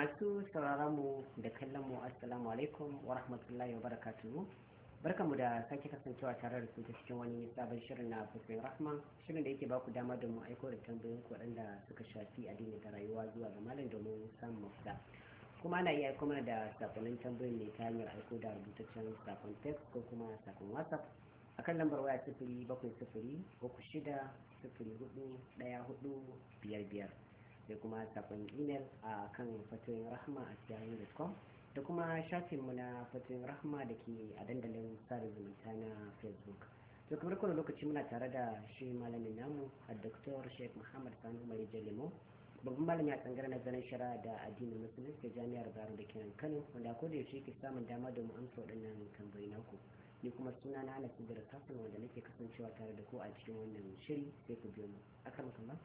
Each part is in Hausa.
masu sauraron mu da kallon mu assalamu alaikum wa rahmatullahi wa barakatuhu mu da sake kasancewa tare da su cikin wani sabon shirin na fusin rahma shirin da yake ba ku dama da mu aiko da tambayoyin ku waɗanda suka shafi addini da rayuwa zuwa ga malam domin samun mafita kuma ana iya aiko mana da sakonnin tambayoyin ne ta hanyar aiko da rubutaccen sakon text ko kuma sakon whatsapp akan lambar waya sifiri bakwai sifiri uku shida sifiri hudu ɗaya hudu biyar biyar sai kuma sakon email a kan fatoyin rahama a siyayen.com da kuma shafinmu na fatoyin rahama da ke a dandalin sada zumunta na facebook to kamar kowane lokaci muna tare da shi malamin namu a doktor sheikh muhammad sanu mai jalimo babban malami a na nazarin shari'a da addinin musulunci da jami'ar baro da kenan kano wanda ko da yaushe ke samun dama da mu amsa waɗannan tambayi naku ni kuma suna na nasu da rasafin wanda nake kasancewa tare da ku a cikin wannan shiri sai ku biyo mu akan kamar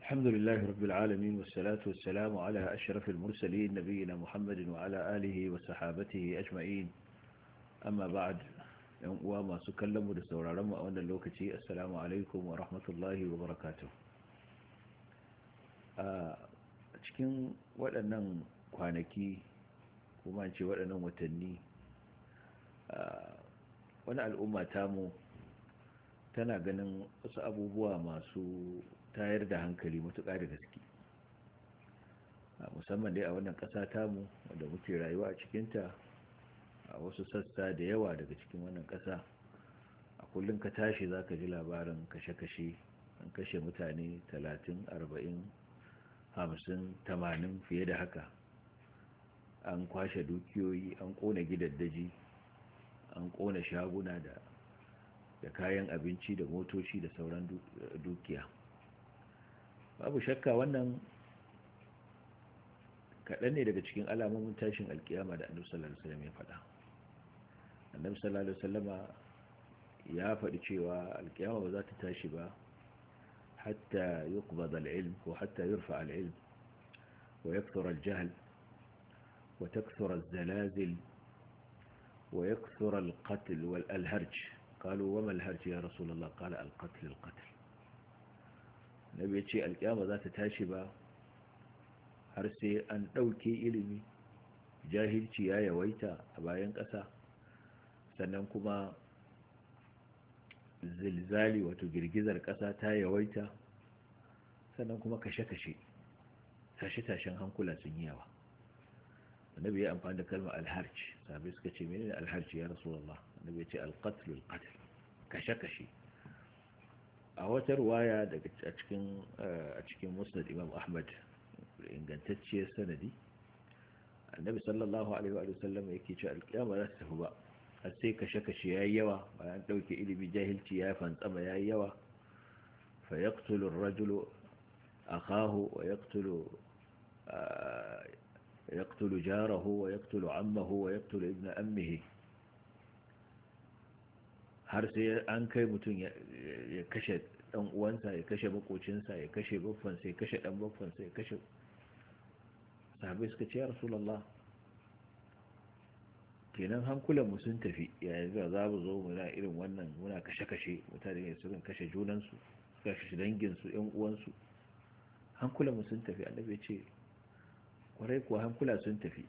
الحمد لله رب العالمين والصلاة والسلام على أشرف المرسلين نبينا محمد وعلى آله وصحابته أجمعين أما بعد وما سكلم دستور رمى أن اللوكتي السلام عليكم ورحمة الله وبركاته cikin waɗannan kwanaki kuma ce waɗannan watanni wani al'umma tamu tana ganin wasu abubuwa masu tayar da hankali matuƙa da gaske musamman dai a wannan ƙasa tamu wadda muke rayuwa a cikinta a wasu sassa da yawa daga cikin wannan ƙasa a kullum ka tashi za ka ji labarin kashe-kashe an kashe mutane 30 40 50 80 fiye da haka an kwashe dukiyoyi an kona gidaddaji an ƙona shaguna da kayan abinci da motoci da sauran dukiya babu shakka wannan kaɗan ne daga cikin alamomin tashin alkiyama da annabi sallallahu alaihi wasallam ya faɗa annabi sallallahu alaihi wasallam ya faɗi cewa alkiyama ba za ta tashi ba hatta yuqbad al-ilm wa hatta yurfa al-ilm wa yakthur al-jahl wa takthur al-zalazil wa yakthur al ويكثر القتل والهرج قالوا وما الهرج يا رسول الله قال القتل القتل nabi ya ce alƙiyama za ta tashi ba har sai an ɗauke ilimi jahilci ya yawaita a bayan ƙasa sannan kuma zilzali wato girgizar ƙasa ta yawaita sannan kuma kashe-kashe tashe-tashen hankula sun yi yawa annabi ya amfani da kalmar alharci sahabai suka ce menene alharci ya rasu rasulullah annabi ya ce alqatl alqatl kashe-kashe a wata ruwaya daga cikin a cikin musnad imam ahmad ingantacciyar sanadi annabi sallallahu alaihi wa sallam yake ce alkiyama za ta tafi ba har sai kashe-kashe ya yi yawa bayan dauke ilimi jahilci ya fantsama ya yi yawa fa yaqtulu rajulu akahu wa yaqtulu yaqtulu jarahu wa yaqtulu ammahu wa yaqtulu ibna ammihi har sai an kai mutum ya kashe dan uwansa ya kashe makocinsa ya kashe baffansa ya kashe dan baffansa ya kashe sahabai suka ce ya lalla kenan hankulan mu sun tafi yayin da za mu zo mu na irin wannan muna kashe kashe mutane ne sukan kashe junansu suka kashe danginsu yan uwansu hankulan mu sun tafi annabi ya ce kwarai kuwa hankula sun tafi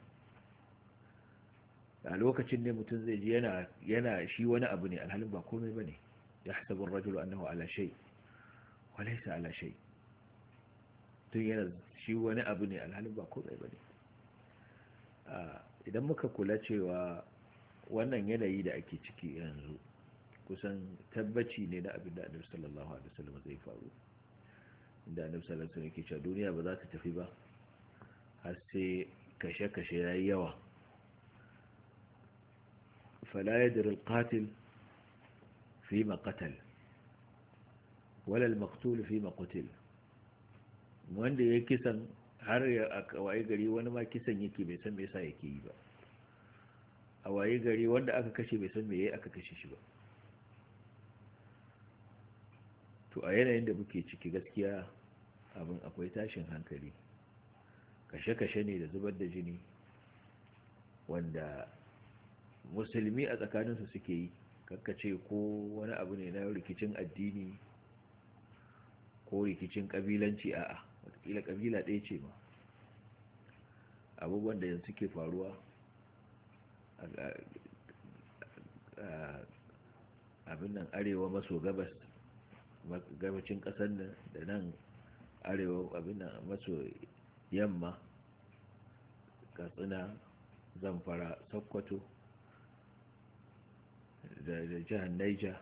a lokacin ne mutum zai ji yana shi wani abu ne alhalin ba komai bane yahsabu ar-rajulu annahu ala shay wale laysa ala shay tun yana shi wani abu ne alhalin ba komai ne idan muka kula cewa wannan yanayi da ake ciki yanzu kusan tabbaci ne na abin da annabi sallallahu alaihi wasallam zai faru inda annabi sallallahu alaihi wasallam yake cewa duniya ba za ta tafi ba har sai kashe-kashe yayi yawa فلا يدر القاتل فيما قتل ولا المقتول فيما قتل wanda ya kisan har ya waye gari wani ma kisan yake bai san me yasa yake yi ba a waye gari wanda aka kashe bai san me yayi aka kashe shi ba to a yanayin da muke ciki gaskiya abin akwai tashin hankali kashe-kashe ne da zubar da jini wanda musulmi a tsakaninsu suke yi ce ko wani abu ne na rikicin addini ko rikicin kabilanci a watakila kabila ɗaya ce ma abubuwan da yanzu suke faruwa abin nan arewa maso gabas gabacin ƙasar da nan arewa abin maso yamma katsina zamfara sokoto da jihar niger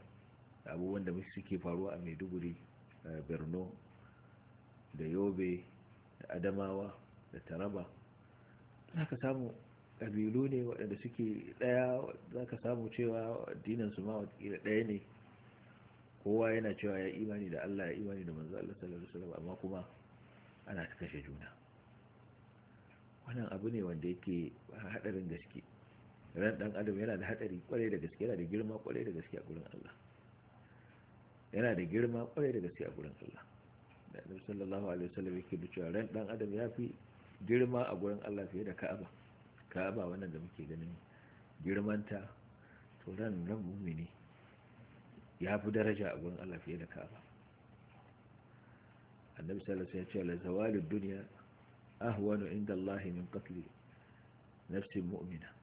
abubuwan da suke faruwa a maiduguri a borno da yobe da adamawa da taraba za ka samu ƙabilu ne waɗanda suke ɗaya za ka samu cewa su ma watakila ɗaya ne kowa yana cewa ya imani da allah ya imani da manzo allah sallallahu alaihi wasallam amma kuma ana ta kashe juna wannan abu ne wanda yake haɗarin gaske ran dan adam yana da hadari kwarai da gaske yana da girma kwarai da gaske a gurin Allah yana da girma kwarai da gaske a gurin Allah da annabi sallallahu alaihi wasallam yake cewa ran dan adam ya fi girma a gurin Allah fiye da Ka'aba Ka'aba wannan da muke ganin girmanta to ran ran mu'mini ya fi daraja a gurin Allah fiye da Ka'aba annabi sallallahu alaihi wasallam ya ce la zawalud dunya ahwanu inda Allah min qatl nafsin mu'mina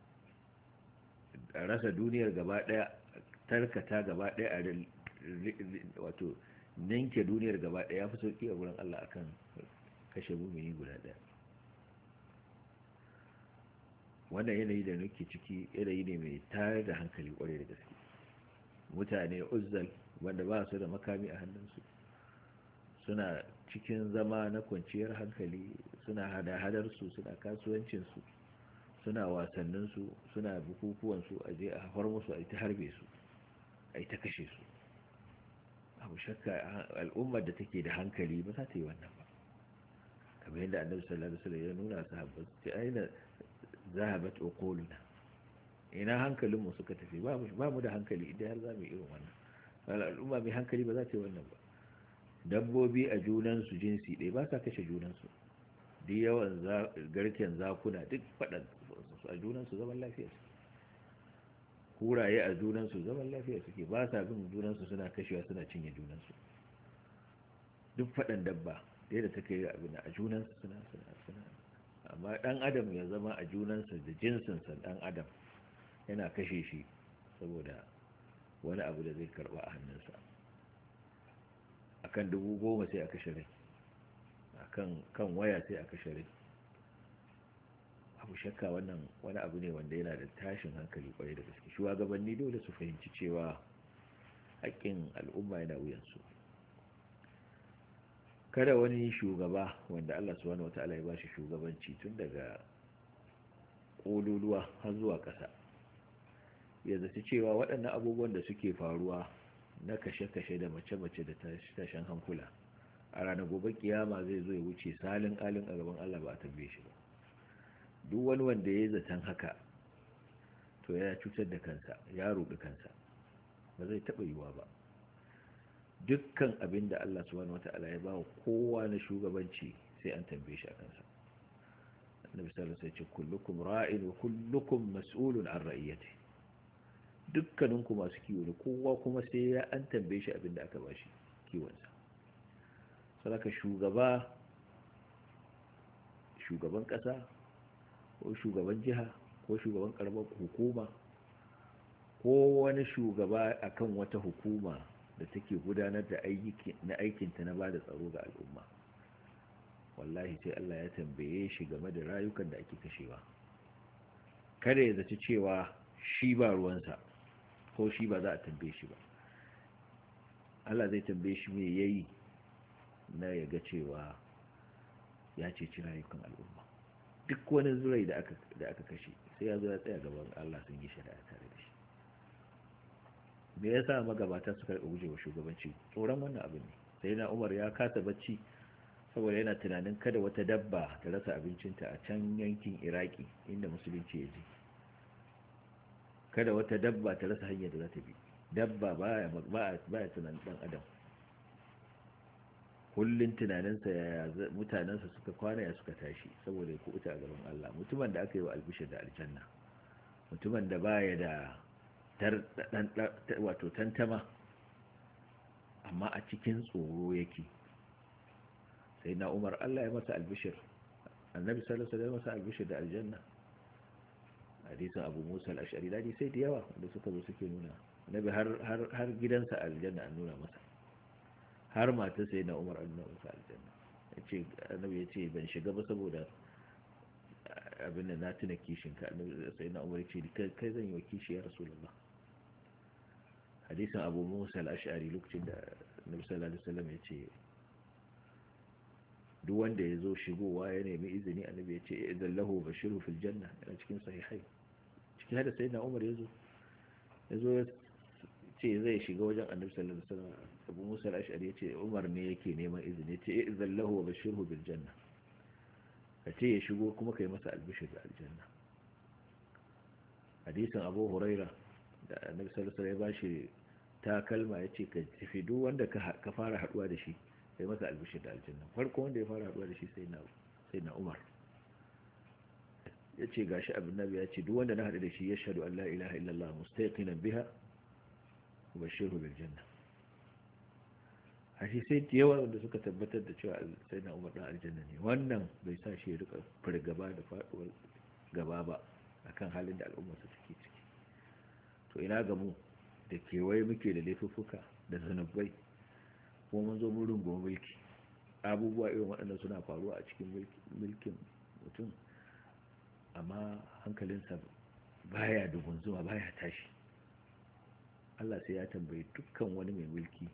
A rasa duniyar gaba tarkata gaba daya a wato ninke duniyar gabaɗaya, daya ya fi sauki a wurin Allah akan kashe mumini guda ɗaya. wannan yanayi da nuke ciki yanayi ne mai tare da hankali kwarai da gaske mutane uzzal wanda ba su da makami a hannunsu suna cikin zama na kwanciyar hankali suna hada-hadarsu suna kasuwancinsu suna wasanninsu suna bukukuwansu a je a hafar musu a ta harbe su a ta kashe su abu shakka al'ummar da take da hankali ba za ta yi wannan ba kamar yadda annabi sallallahu alaihi wasallam ya nuna sahabbai ta aina zahabat uquluna ina hankalin mu suka tafi ba mu da hankali idan har za mu yi irin wannan al'umma mai hankali ba za ta yi wannan ba dabbobi a junan su jinsi ɗaya ba sa kashe junan su duk yawan garken zakuna duk faɗan su a junansu zaman lafiya suke huraye a junansu zaman lafiya suke ba sa bin junansu suna kashewa suna cinye junansu duk faɗin dabba ɗaya da ta kai abin a junansu suna suna suna amma ɗan adam ya zama a junansa da jinsinsa ɗan adam yana kashe shi saboda wani abu da zai karɓa a hannunsa akan dubu goma sai a kashe rai akan kan waya sai a kashe rai abu shakka wannan wani abu ne wanda yana da tashin hankali kwarai da gaske shugabanni dole su fahimci cewa haƙƙin al'umma yana wuyansu kada wani shugaba wanda Allah subhanahu wataala ya bashi shugabanci tun daga kololuwa har zuwa ƙasa ya zaci cewa waɗannan abubuwan da suke faruwa na kashe-kashe da mace-mace da tashin hankula a ranar gobe kiyama zai zo ya wuce salin alin a gaban Allah ba a tambaye shi ba duk wani wanda ya yi zaton haka to ya cutar da kansa ya rubi kansa ba zai taɓa yiwa ba dukkan abin da Allah subhanahu ala ya bawa kowa na shugabanci sai an tambaye shi a kansa na misali sai ce kullukum ra'in wa kullukum mas'ulun an ra'iyati dukkaninku masu kiwo ne kowa kuma sai ya an tambaye shi abin da aka shi kiwonsa saraka shugaba shugaban kasa ko shugaban jiha ko shugaban karamar hukuma ko wani shugaba akan wata hukuma da take gudanar da na aikinta na bada tsaro ga al'umma wallahi sai Allah ya tambaye shi game da rayukan da ake kashewa kada ya zaci cewa shi ba ruwansa ko shi ba za a tambaye shi ba Allah zai tambaye shi mai yayi na yaga cewa ya ceci rayukan al'umma duk wani zurai da aka kashe sai ya zo ya tsaya gaban Allah sun yi shari'a tare da shi me yasa magabata suka guje wa shugabanci tsoron wannan abin ne sai na Umar ya kasa bacci saboda yana tunanin kada wata dabba ta rasa abincinta a can yankin Iraki inda musulunci ya je kada wata dabba ta rasa hanyar da za ta bi dabba ba ya tunanin dan adam kullun tunaninsa ya mutanensa suka kwana ya suka tashi saboda ya kubuta a gaban Allah mutumin da aka yi wa albishir da aljanna mutumin da baya da wato tantama amma a cikin tsoro yake sai na umar Allah ya masa albishir annabi sallallahu alaihi wasallam masa albishir da aljanna hadisin abu musa al-ash'ari da sai da yawa da suka zo suke nuna annabi har har har gidansa aljanna an nuna masa har mata sai na umar annu nuna ka aljanna yace annabi ce ban shiga ba saboda abin da na tuna kishin ka annabi sai na umar ce kai zan yi wa kishi ya rasulullah hadisin abu musa al-ash'ari lokacin da annabi sallallahu alaihi wasallam ce. duk wanda ya zo shigowa ya nemi izini annabi ya ce idan lahu bashiru fil janna yana cikin sahihai cikin hada sai na umar ya zo ya zo ce zai shiga wajen annabi sallallahu alaihi wasallam abu musa al-ash'ari yace umar ne yake neman izini yace idzan lahu wa bashirhu bil janna kace ya shigo kuma kai masa albishir da aljanna hadisin abu huraira da annabi sallallahu alaihi wasallam ya bashi takalma yace ka tafi duk wanda ka fara haduwa da shi kai masa albishir da aljanna farko wanda ya fara haduwa da shi sai na sai na umar yace gashi abin nabi yace duk wanda na hadu da shi ya shahadu an la ilaha illallah mustaqinan biha bashiru bil janna ashe sai da yawa wanda suka tabbatar da cewa sai na umar dan aljanna ne wannan bai sa shi ya rika fargaba da faduwar gaba ba akan halin da al'umma su take ciki to ina ga mu da kewaye muke da laifuffuka da zanubai kuma mun zo mun rungo mulki abubuwa irin waɗannan suna faruwa a cikin mulkin mutum amma hankalinsa baya dugunzuma baya tashi Allah sai ya tambayi dukkan wani mai mulki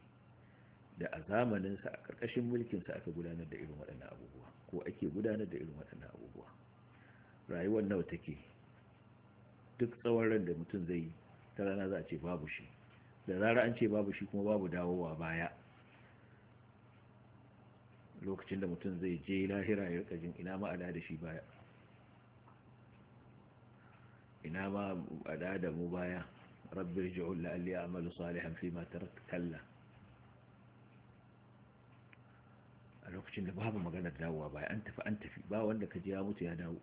da a zamaninsa a ƙarƙashin mulkinsa aka gudanar da irin waɗannan abubuwa ko ake gudanar da irin waɗannan abubuwa rayuwar nawa take duk tsawon ran da mutum zai yi ta rana za a ce babu shi da rara an ce babu shi kuma babu dawowa baya lokacin da mutum zai je lahira ya rika jin ina ma ada da shi baya ina ma ada da mu baya rabbi rji'u la'alli a'malu salihan fi ma tarak kalla a lokacin da babu maganar dawowa baya an tafi an tafi ba wanda ka je ya ya dawo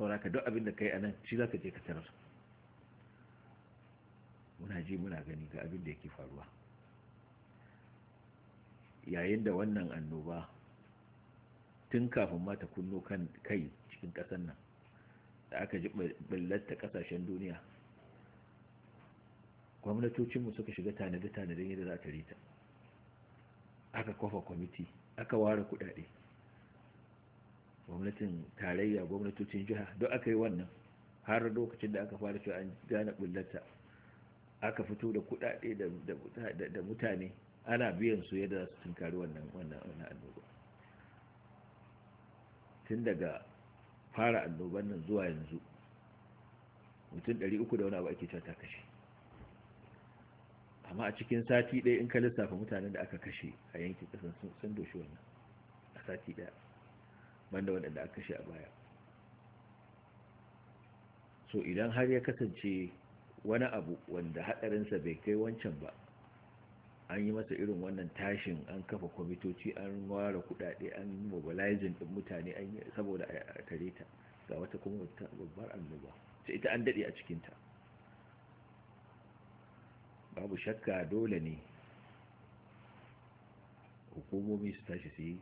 saboda ka duk abin da kai anan shi zaka je ka tarar muna ji muna gani ga abinda da yake faruwa yayin da wannan annoba tun kafin ma ta kunno kan kai cikin ƙasar nan da aka ji ɓallar ƙasashen duniya gwamnatocinmu suka shiga tanade-tanaden yadda za ta rita aka kwafa kwamiti aka ware kudade gwamnatin tarayya gwamnatocin jiha don aka yi wannan har lokacin da aka fara cewa an gane bullata aka fito da kudade da mutane ana biyan su yadda za su tunkari wannan annoba tun daga fara annoban nan zuwa yanzu mutum 300 da wani abu ake cewa ta kashe amma a cikin sati ɗaya in ka lissafa mutanen da aka kashe a yankin ƙasar sun doshi wannan a sati ɗaya banda waɗanda aka kashe a baya so idan har ya kasance wani abu wanda haɗarinsa bai kai wancan ba an yi masa irin wannan tashin an kafa kwamitoci an ware kuɗaɗe an mobilizing ɗin mutane an yi saboda a tare ta ga wata kuma babbar annoba sai ita an daɗe a cikinta babu shakka dole ne hukumomi su tashi su yi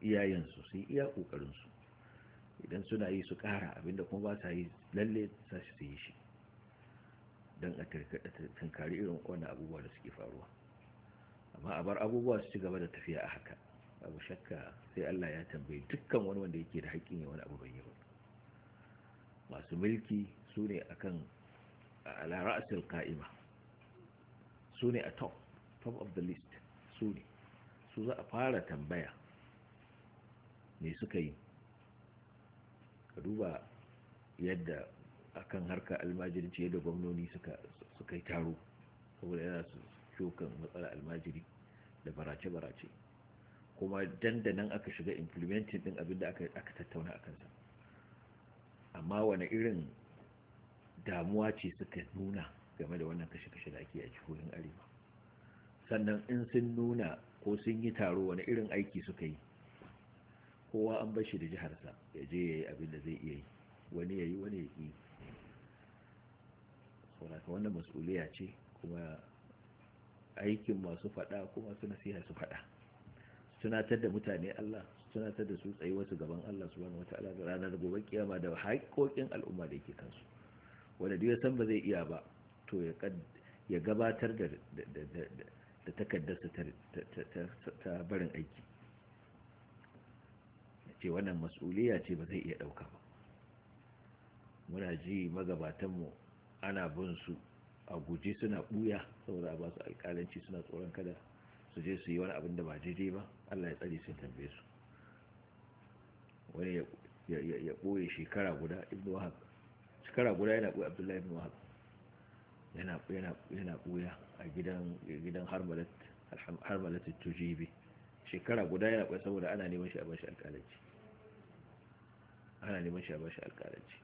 iyayensu su yi iya ƙoƙarinsu idan suna yi su ƙara abinda kuma ba sa yi lalle tashi su yi shi don a tankari irin wannan abubuwa da suke faruwa amma a bar abubuwa su ci gaba da tafiya a haka Babu shakka sai Allah ya tambayi dukkan wani wanda yake da haƙƙin ya wani abu bai yi masu mulki su ne akan ala ra'asul qa'ima su ne a top top of the list su ne su za a fara tambaya ne suka yi ka duba yadda akan harka almajiri ce yadda gwamnoni suka yi taro saboda yana su shokan matsala almajiri da barace-barace kuma dandanan aka shiga implementing din da aka tattauna a kansa amma wani irin damuwa ce suka nuna game da wannan kashe-kashe da ake a cikin arewa sannan in sun nuna ko sun yi taro wani irin aiki suka yi kowa an bashi da jiharsa ya je ya yi abin da zai iya yi wani ya yi wani ya yi sauraka wannan masuliya ce kuma aikin masu fada kuma su nasiha su fada tunatar da mutane Allah tunatar da su tsayi wasu gaban Allah wata ala da ranar gobe kiyama da haƙoƙin al'umma da yake kansu wanda duk san ba zai iya ba to ya gabatar da takardarsa ta barin aiki ce wannan masuliya ce ba zai iya ɗauka ba muna ji magabatanmu ana bin su a guje suna ɓuya saboda ba su alƙalanci suna tsoron kada su je su yi wani abin da ba daidai ba allah ya tsare sun tambaye su wani ya ɓoye shekara guda ibn wahab shekara guda yana ɓoye abdullahi ibn wahab yana yana buya a gidan gidan harmalat harmalat tujibi shekara guda yana buya saboda ana neman shi a bashi alƙalanci ana neman shi a bashi alƙalanci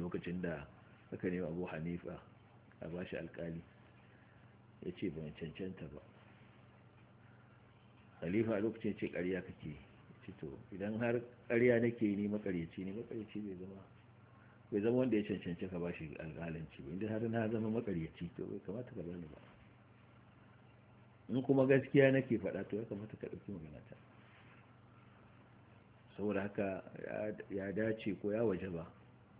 lokacin da aka nemi Abu Hanifa a bashi alƙali yace ban cancanta ba khalifa lokacin ce ƙarya kake ce to idan har ƙarya nake ni makaryaci ne makaryaci zai zama bai zama wanda ya cancanci ka ba shi alƙalanci ba inda har na zama makaryaci to bai kamata ka bani ba in kuma gaskiya nake faɗa to ya kamata ka ɗauki magana ta saboda haka ya dace ko ya waje ba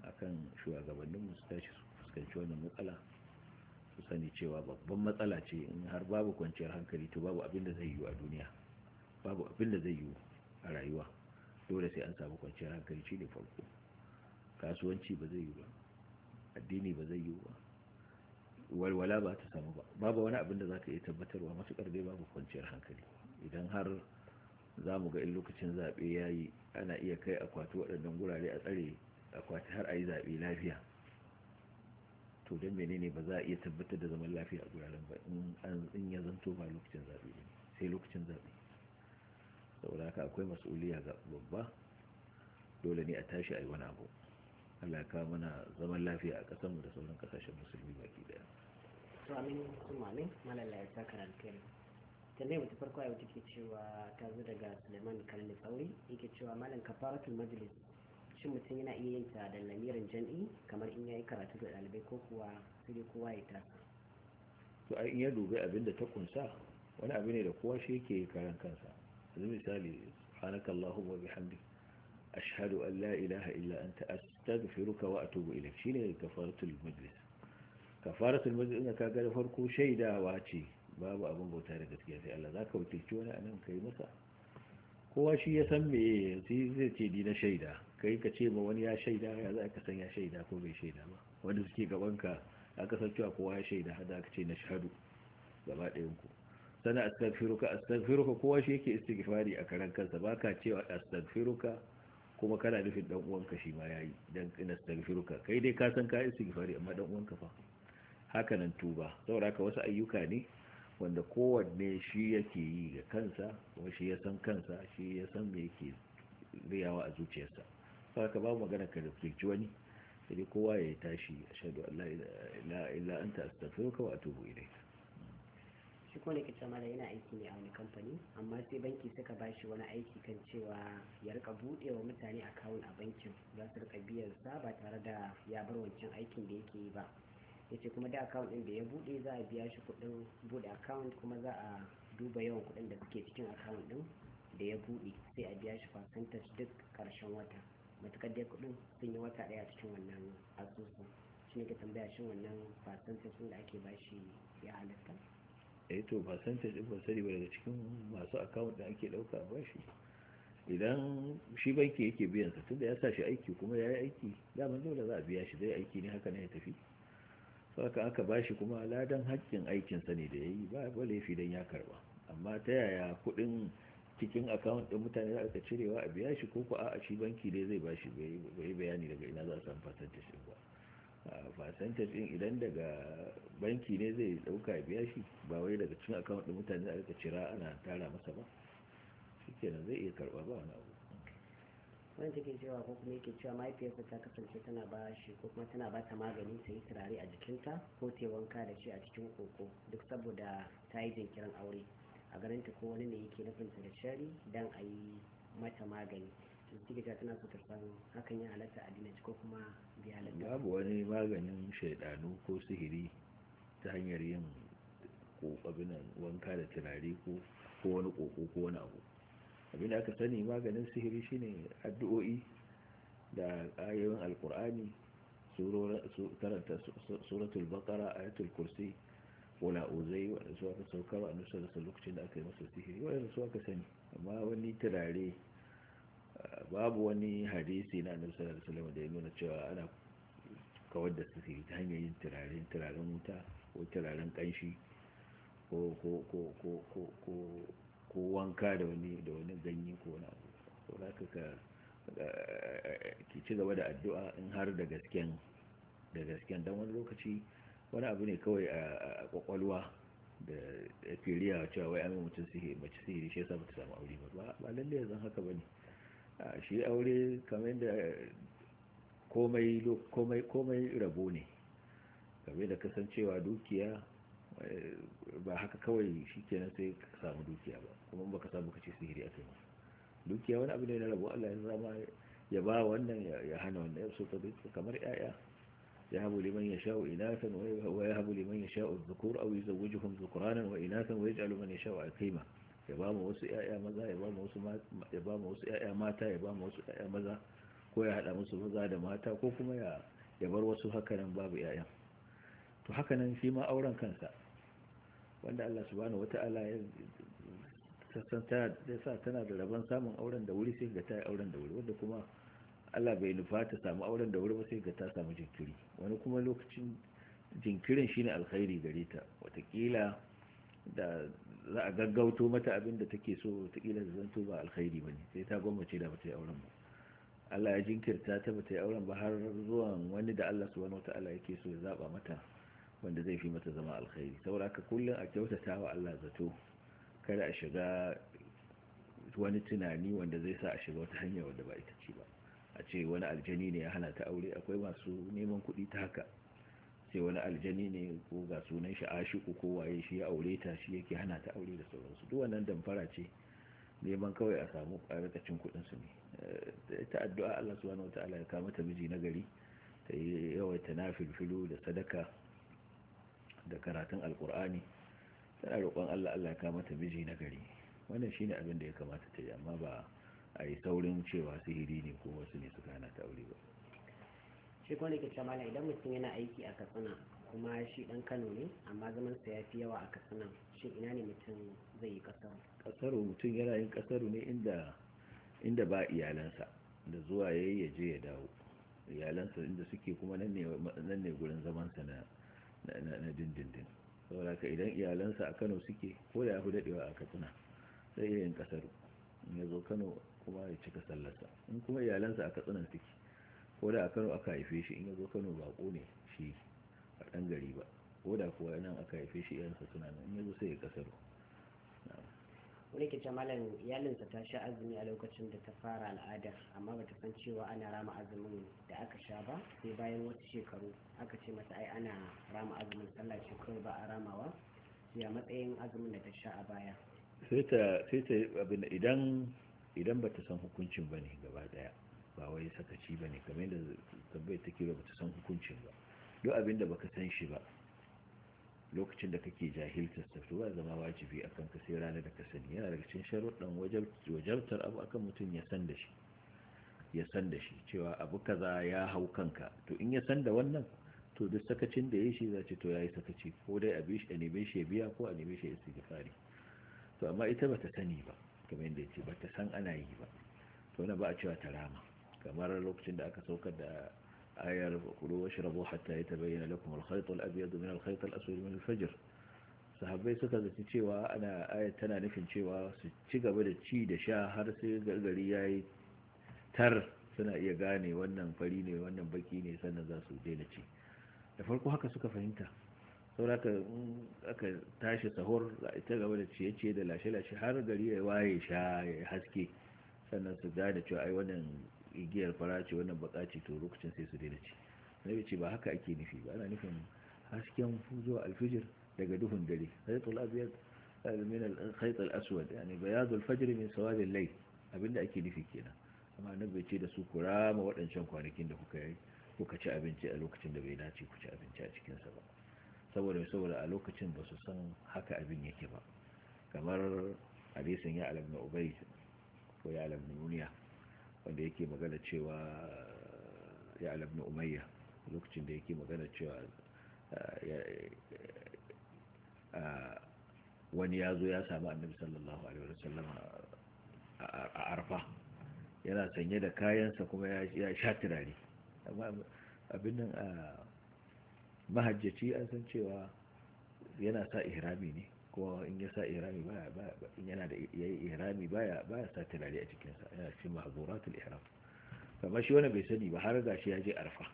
akan shugabannin su tashi su fuskanci wannan matsala su sani cewa babban matsala ce in har babu kwanciyar hankali to babu abin da zai yiwu a duniya babu abin da zai yiwu a rayuwa dole sai an samu kwanciyar hankali shi ne farko kasuwanci ba zai yi ba addini ba zai yi ba walwala ba ta samu ba babu wani abin da za ka iya tabbatarwa matuƙar zai babu kwanciyar hankali idan har za mu ga in lokacin zaɓe ya yi ana iya kai akwati waɗannan gurare a tsare akwati har a yi zaɓe lafiya to don menene ba za a iya tabbatar da zaman lafiya a guraren ba in ya zanto ba lokacin zaɓe ne sai lokacin zaɓe saboda haka akwai mas'uliya ga babba dole ne a tashi a yi wani abu Allah ka mana zaman lafiya a kasar mu da sauran ƙasashen musulmi baki daya to amin kuma amin malalla ya saka alkhairi tambayar ta farko yau take cewa ta zo daga Suleiman Kalli sauri yake cewa malam kafaratul majlis shin mutum yana iya yin ta da lamirin jan'i kamar in yayi karatu da dalibai ko kuwa sai kowa ya tasa to ai in ya dubi abin da ta kunsa wani abu ne da kowa shi yake karan kansa misali subhanakallahumma wa bihamdika ashhadu an la ilaha illa anta astaghfiruka wa atubu ilayk shine kafaratul majlis kafaratul majlis ina kaga da farko shaidawa ce babu abin bauta da gaskiya sai Allah ka wakilci wani anan kai masa kowa shi ya san me sai zai ce ni shaida kai ka ce ma wani ya shaida ya za ka san ya shaida ko bai shaida ba wanda suke gaban ka aka san cewa kowa ya shaida hada aka ce na shahadu gaba ɗayan ku sana astaghfiruka astaghfiruka kowa shi yake istighfari a karan kansa baka cewa astaghfiruka kuma kana nufin dan uwanka shi ma yayi dan ina nastaghfiruka kai dai ka san ka istighfari amma dan uwanka fa haka nan tuba saboda haka wasu ayyuka ne wanda kowanne shi yake yi ga kansa kuma shi ya san kansa shi ya san me yake riyawa a zuciyarsa saboda ba mu magana ka da rubuci wani sai kowa ya tashi ashhadu an la ilaha illa anta astaghfiruka wa atubu ilayk shi ko ne yana aiki ne a wani kamfani amma sai banki suka ba shi wani aiki kan cewa ya rika buɗe wa mutane akawun a bankin za su rika biyan sa ba tare da ya bar wancan aikin da yake yi ba yace kuma da akawun ɗin da ya buɗe za a biya shi kuɗin buɗe akawun kuma za a duba yawan kuɗin da suke cikin akawun ɗin da ya buɗe sai a biya shi fasantar duk karshen wata da dai kuɗin sun yi wata ɗaya cikin wannan asusun shi ne ka tambaya shin wannan fasantar sun da ake bashi ya halatta eh to percentage din ban sani ba daga cikin masu account da ake ɗauka ba shi idan shi banki yake biyan sa tunda ya sa shi aiki kuma ya yi aiki daman dole za a biya shi zai aiki ne haka ne ya tafi saka aka ba shi kuma ladan hakkin aikin sa ne da yayi ba ba laifi dan ya karba amma ta yaya kuɗin cikin account ɗin mutane za ka cirewa a biya shi ko ko a'a shi banki ne zai bashi bai bayani daga ina za a san percentage din ba percentage din idan daga banki ne zai dauka biya shi ba wai daga cikin account din mutane a rika cira ana tara masa ba nan zai iya karba ba wani abu wani take cewa ko kuma yake cewa mahaifiyarsa ta kasance tana ba shi ko kuma tana ba ta magani ta yi turare a jikinta ko ta yi wanka da shi a cikin koko duk saboda ta yi jinkirin aure a ta ko wani ne yake nufinta da shari dan a yi mata magani diga tana hakan ya halatta a dinaci ko kuma halatta babu wani maganin shaidanu ko sihiri ta hanyar yin kokabinan wanka da turare ko wani koko ko wani abu abin da aka sani maganin sihiri shine addu'o'i da ayoyin alkur'ani karanta suratul baqara ayatul kursi wala uzai wadda su aka saukar a nusar lokacin da aka yi masa sihiri wanda su aka sani amma wani turare babu wani hadisi na annabi sallallahu alaihi wasallam da ya nuna cewa ana kawar da sihiri ta hanyar yin turaren turaren wuta ko turaren kanshi ko ko ko ko ko ko ko wanka da wani da wani ganye ko wani abu za ka ka eh, ki ci gaba da addu'a in har da gasken da gasken dan wani lokaci wani abu ne kawai a kwakwalwa da firiya cewa wai an mutum sihiri mace sihiri shi yasa ba ta samu aure ba ba lalle yanzu haka ba ne. shi aure kamar da komai komai komai rabo ne kamar da kasancewa dukiya eh, ba haka kawai shi kenan sai ka samu dukiya ba kuma ba ka samu kace sihiri a kai dukiya wani abu ne na rabo Allah ya zama ya ba wannan ya hana wannan ya sota kamar yaya ya habu liman ya sha'u inasan wa ya habu liman ya sha'u zukur aw yuzawwijuhum zukuranan wa inasan wa yaj'alu man yasha'u aqima ya ba mu wasu yaya maza ya ba mu wasu ya ba wasu ƴaƴa mata ya ba mu wasu ƴaƴa maza ko ya hada musu maza da mata ko kuma ya ya bar wasu hakanan babu ya'ya to hakanan shi ma auren kansa wanda Allah subhanahu wata'ala ya sassanta da sa tana da rabon samun auren da wuri sai ga ta yi auren da wuri wanda kuma Allah bai nufa ta samu auren da wuri ba sai ga ta samu jinkiri wani kuma lokacin jinkirin shine alkhairi gare ta watakila da za a gaggauto mata abin da take so ta kila zanto ba alkhairi bane sai ta gwammace da bata yi auren ba Allah ya jinkirta ta bata yi auren ba har zuwan wani da Allah subhanahu wataala yake so ya zaba mata wanda zai fi mata zama alkhairi saboda haka kullum a kyautata wa Allah zato kada a shiga wani tunani wanda zai sa a shiga wata hanya wanda ba ita ce ba a ce wani aljani ne ya hana ta aure akwai masu neman kuɗi ta haka sai wani aljani ne ko ga sunan shi ashiku ko waye shi ya aure ta shi yake hana ta aure da sauransu duk wannan damfara ce neman kawai a samu ƙarƙacin kuɗin su ne eh, ta addu'a Allah subhanahu wataala ya kama ta miji nagari ta yi ta nafilfilu da sadaka da karatun alkur'ani tana roƙon Allah Allah ya kama ta miji nagari wannan shine abin da ya kamata ta yi amma ba a yi saurin cewa sihiri ne ko wasu ne su hana ta aure ba shi kuma da ke cewa idan mutum yana aiki a katsina kuma shi dan kano ne amma zaman sa ya fi yawa a katsina shi ina ne mutum zai yi kasar kasaru mutum yana yin kasaru ne inda inda ba iyalansa da zuwa yayi yi yaje ya dawo iyalansa inda suke kuma nan ne nan ne gurin zaman sa na na dindindin saboda ka idan iyalansa a Kano suke ko da ya fi dadewa a Katsina sai yin kasaru ya zo Kano kuma ya cika sallarsa in kuma iyalansa a Katsina suke ko da a kano aka haife shi in ya kano baƙo ne shi a ɗan gari ba ko da kuwa nan aka haife shi iyansa suna nan in ya zo sai ya kasaro wani ke ce malam iyalinsa ta sha azumi a lokacin da ta fara al'ada amma bata san cewa ana rama azumin da aka sha ba sai bayan wasu shekaru aka ce mata ai ana rama azumin sallah ce kawai ba a ramawa ya matsayin azumin da ta sha a baya sai ta abin idan idan bata san hukuncin bane gaba daya ba wai sakaci ba ne kamar yadda tambayar take ba ta san hukuncin ba duk abin da baka san shi ba lokacin da kake jahiltar sa ba zama wajibi akan ka sai ranar da ka sani yana daga cikin sharuɗan wajabtar abu akan mutum ya san da shi ya san da shi cewa abu kaza ya hau kanka to in ya san da wannan to duk sakacin da ya shi za ce to ya yi sakaci ko dai a neme shi ya biya ko a neme shi ya to amma ita ba ta sani ba kamar yadda ya ce ba ta san ana yi ba to na ba a cewa ta rama kamar lokacin da aka sauka da ayar kulu washrabu hatta yatabayyana lakum al-khayt min al-khayt min al sahabbai suka zaci cewa ana ayar tana nufin cewa su ci gaba da ci da sha har sai gargari yayi tar suna iya gane wannan fari ne wannan baki ne sannan za su daina ci da farko haka suka fahimta sauraka aka tashi sahur za a ta gaba da ciye-ciye da lashe-lashe har gari ya waye sha ya haske sannan su gane cewa ai wannan igiyar fara ce wannan baka ce to lokacin sai su daina ci annabi ce ba haka ake nufi ba ana nufin hasken zuwa alfijir daga duhun dare khaytul abyad eh, min al-khayt aswad yani bayad al-fajr min sawad al-layl abinda ake nufi kenan amma bai ce da su kura ma waɗancan kwanakin da kuka yi kuka ci abinci a lokacin da bai dace ku ci abinci a cikin sa ba saboda saboda a lokacin ba su san haka abin yake ba kamar hadisin ya alamna ubay ko ya alamna duniya wanda yake magana cewa ya alabna umayya lokacin da yake magana cewa wani ya zo ya sami annabi sallallahu alaihi wasallam a arfa yana sanye da kayansa kuma ya sha turare abin nan a mahajjaci an san cewa yana sa ihrami ne kowa in ya sa irami baya yana da yi irami baya baya sa tunani a cikin sa yana cikin mahzuratul ihram kamar shi wani bai sani ba har shi ya je arfa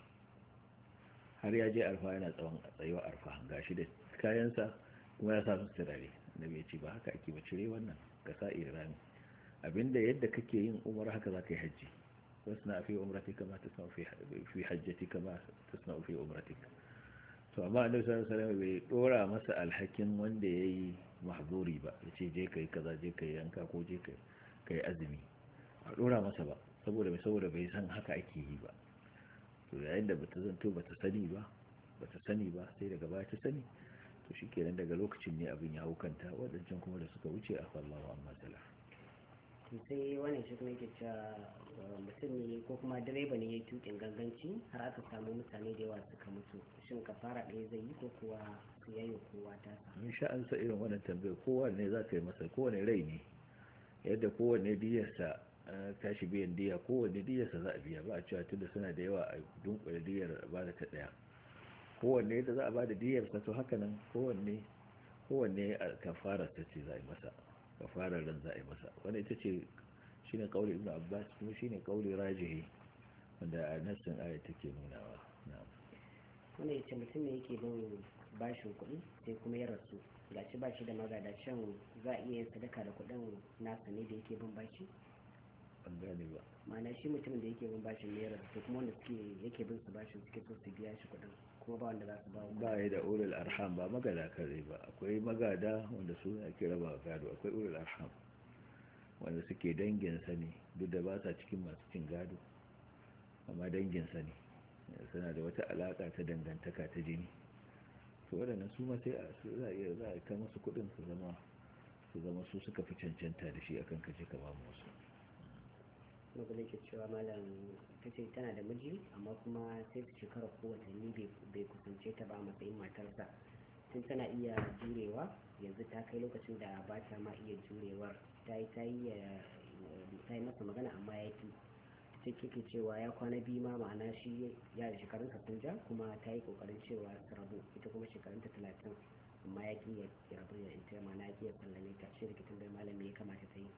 har ya je arfa yana tsawon tsayuwa arfa ga shi da kayansa kuma ya sa su tunani da bai ce ba haka ake ba cire wannan ka sa irami abinda yadda kake yin umar haka za ka yi hajji wasu na fi umratika ma tasna'u fi hajjatika ma tasna'u fi umratika amma a nufin sarari bai dora masa alhakin wanda ya yi mahzuri ba yace je kai kaza je yi yanka ko je ka yi azumi a dora masa ba saboda mai saboda bai san haka ake yi ba to yayin da bata zanto bata sani ba bata sani ba sai daga baya ta sani to shi kenan daga lokacin ne abin ya haukanta waɗancan kuma da suka wuce a fallawa amma salaf sai wani shi kuma yake cewa eh, mutum ne ko kuma direba ne ya tukin ganganci har aka samu mutane da yawa suka mutu shin fara ɗaya zai yi ko kuwa ya yi kowa ta in sha an sa irin wannan tambayar kowanne za ka yi masa kowane rai ne yadda kowanne diyarsa eh, tashi biyan diya kowanne diyarsa za a biya ba a cewa tunda suna da yawa a dunkule diyar ba da ta ɗaya kowanne yadda za a ba da diyarsa to haka nan kowanne kowanne kafara ta ce za a yi masa kafarar ran za a yi masa wani ita ce shi ne kauli ibn abbas kuma shi ne kauli rajihi wanda a nassin aya take wa. wanda ya ce mutum ne yake bin bashin kuɗi sai kuma ya rasu ga ba shi da magada can za a iya yin sadaka da kuɗin nasa ne da yake bin bashi an gane ba ma'ana shi mutumin da yake bin bashin ne ya rasu kuma wanda suke yake bin su bashin suke so su biya shi kuɗin kuma ba wanda za ba ba da ulul arham ba magada kare ba akwai magada wanda su ake raba gado akwai ulul arham wanda suke dangin sani duk da ba sa cikin masu cin gado amma dangin sani suna da wata alaka ta dangantaka ta jini to waɗannan su ma sai za a iya za a kama musu kuɗin su zama su zama su suka fi cancanta da shi akan kace ka ba mu wasu kuma ke cewa malam ta ce tana da miji amma kuma sai shekara ko watanni bai kusance ta ba matsayin matarsa tun tana iya jurewa yanzu ta kai lokacin da ba ta ma iya jurewar ta yi ta yi eh, masa magana amma ya ki ta ke cewa ya kwana biyu ma ma'ana shi ya da shekarun sun ja kuma ta yi kokarin cewa ta rabu ita kuma shekarun ta talatin amma ya ki ya rabu da ita ma'ana ya ki ya sallame ta shi rikicin da malami ya kamata ta yi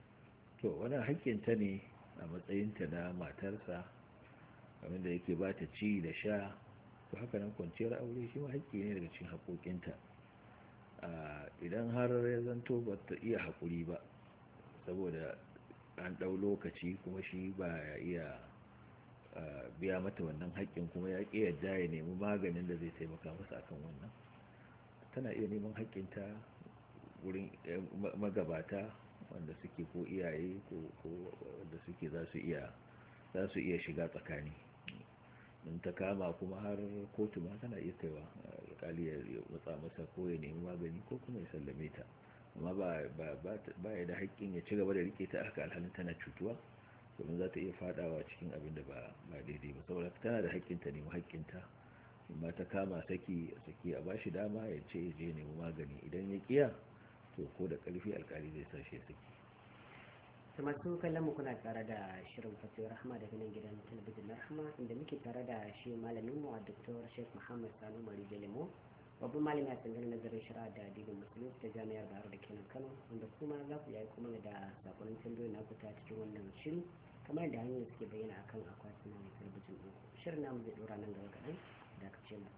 to wannan hankinta ne a matsayinta na matarsa kamar da yake ba ta ci da sha to haka nan kwanciyar aure shi ma haƙƙi ne daga cikin haƙoƙinta idan har ya zanto ba ta iya haƙuri ba saboda an ɗau lokaci kuma shi ba ya iya biya mata wannan haƙƙin kuma ya ƙi yadda ya nemi maganin da zai taimaka masa akan wannan tana iya neman haƙƙinta wurin eh, magabata wanda suke ko iyaye ko wanda suke za su iya shiga tsakani in ta kama kuma har kotu ma tana iya kaiwa alkali ya matsa masa ko ya nemi magani ko kuma ya sallame ta amma ba ya da haƙƙin ya ci gaba da rike ta haka alhalin tana cutuwa domin za ta iya fadawa cikin abin da ba daidai ba saboda tana da haƙƙin ta nemi ta amma ta kama saki saki a bashi dama ya ce ya je nemi magani idan ya kiya to ko da ƙarfi alkali zai san shi suke kallon mu kuna tare da shirin fasiyo rahama daga nan gidan talabijin na rahama inda muke tare da shi malamin mu a doktor sheikh muhammad sanu mari lemo babban malami a tsangar nazarin shira da addinin musulunci ta jami'ar bayero da kenan kano wanda kuma za ku yayi kuma da sakonin tambayoyi na kuta cikin wannan shirin kamar da hanyar suke bayyana akan akwatin na talabijin ɗin shirin namu zai ɗora nan gaba kaɗan da ka ce mu